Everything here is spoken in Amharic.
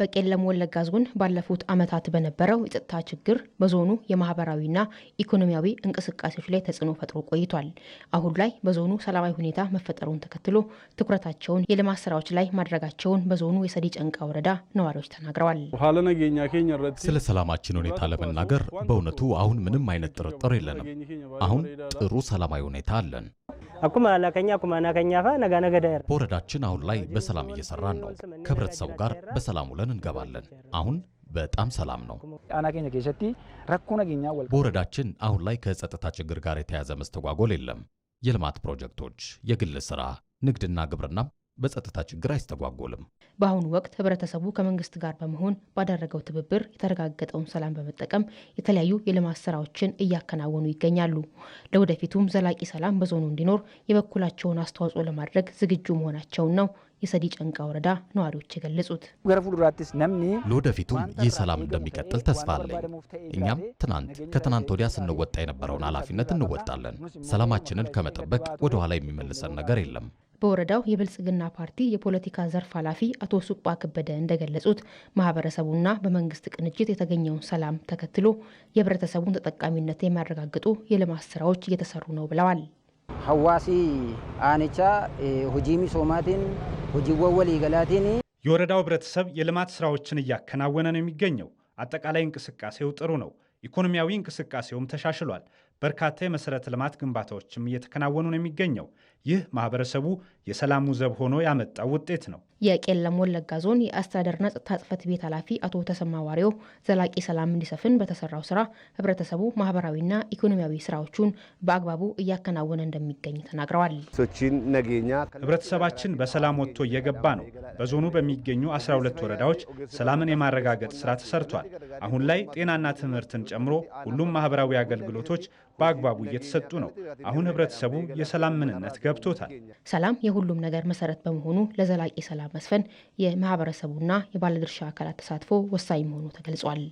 በቄለም ወለጋ ዞን ባለፉት ዓመታት በነበረው የጸጥታ ችግር በዞኑ የማህበራዊና ኢኮኖሚያዊ እንቅስቃሴዎች ላይ ተጽዕኖ ፈጥሮ ቆይቷል። አሁን ላይ በዞኑ ሰላማዊ ሁኔታ መፈጠሩን ተከትሎ ትኩረታቸውን የልማት ስራዎች ላይ ማድረጋቸውን በዞኑ የሰዲ ጨንቃ ወረዳ ነዋሪዎች ተናግረዋል። ስለ ሰላማችን ሁኔታ ለመናገር በእውነቱ አሁን ምንም አይነት ጥርጥር የለንም። አሁን ጥሩ ሰላማዊ ሁኔታ አለን። አኩማ አላከኛ አኩማ አናከኛ ፋ ነጋ ነገ ዳይራ በወረዳችን አሁን ላይ በሰላም እየሰራን ነው። ከህብረተሰቡ ጋር በሰላም ውለን እንገባለን። አሁን በጣም ሰላም ነው። በወረዳችን አሁን ላይ ከጸጥታ ችግር ጋር የተያዘ መስተጓጎል የለም። የልማት ፕሮጀክቶች፣ የግል ስራ፣ ንግድና ግብርናም በጸጥታ ችግር አይስተጓጎልም። በአሁኑ ወቅት ህብረተሰቡ ከመንግስት ጋር በመሆን ባደረገው ትብብር የተረጋገጠውን ሰላም በመጠቀም የተለያዩ የልማት ስራዎችን እያከናወኑ ይገኛሉ። ለወደፊቱም ዘላቂ ሰላም በዞኑ እንዲኖር የበኩላቸውን አስተዋጽኦ ለማድረግ ዝግጁ መሆናቸውን ነው የሰዲ ጨንቃ ወረዳ ነዋሪዎች የገለጹት። ለወደፊቱም ይህ ሰላም እንደሚቀጥል ተስፋ አለኝ። እኛም ትናንት ከትናንት ወዲያ ስንወጣ የነበረውን ኃላፊነት እንወጣለን። ሰላማችንን ከመጠበቅ ወደኋላ የሚመልሰን ነገር የለም። በወረዳው የብልጽግና ፓርቲ የፖለቲካ ዘርፍ ኃላፊ አቶ ሱጳ ከበደ እንደገለጹት ማህበረሰቡና በመንግስት ቅንጅት የተገኘውን ሰላም ተከትሎ የህብረተሰቡን ተጠቃሚነት የሚያረጋግጡ የልማት ስራዎች እየተሰሩ ነው ብለዋል። ሀዋሲ አንቻ ሁጂሚ ሶማቲን ሁጂወወል ወወል የወረዳው ህብረተሰብ የልማት ስራዎችን እያከናወነ ነው የሚገኘው። አጠቃላይ እንቅስቃሴው ጥሩ ነው። ኢኮኖሚያዊ እንቅስቃሴውም ተሻሽሏል። በርካታ የመሰረተ ልማት ግንባታዎችም እየተከናወኑ ነው የሚገኘው። ይህ ማህበረሰቡ የሰላሙ ዘብ ሆኖ ያመጣው ውጤት ነው። የቄለም ወለጋ ዞን የአስተዳደርና ጸጥታ ጽፈት ቤት ኃላፊ አቶ ተሰማ ዋሪው ዘላቂ ሰላም እንዲሰፍን በተሰራው ስራ ህብረተሰቡ ማህበራዊና ኢኮኖሚያዊ ስራዎቹን በአግባቡ እያከናወነ እንደሚገኝ ተናግረዋል። ህብረተሰባችን በሰላም ወጥቶ እየገባ ነው። በዞኑ በሚገኙ 12 ወረዳዎች ሰላምን የማረጋገጥ ስራ ተሰርቷል። አሁን ላይ ጤናና ትምህርትን ጨምሮ ሁሉም ማህበራዊ አገልግሎቶች በአግባቡ እየተሰጡ ነው። አሁን ህብረተሰቡ የሰላም ምንነት ገብቶታል። ሰላም የሁሉም ነገር መሰረት በመሆኑ ለዘላቂ ሰላም መስፈን የማህበረሰቡና የባለድርሻ አካላት ተሳትፎ ወሳኝ መሆኑ ተገልጿል።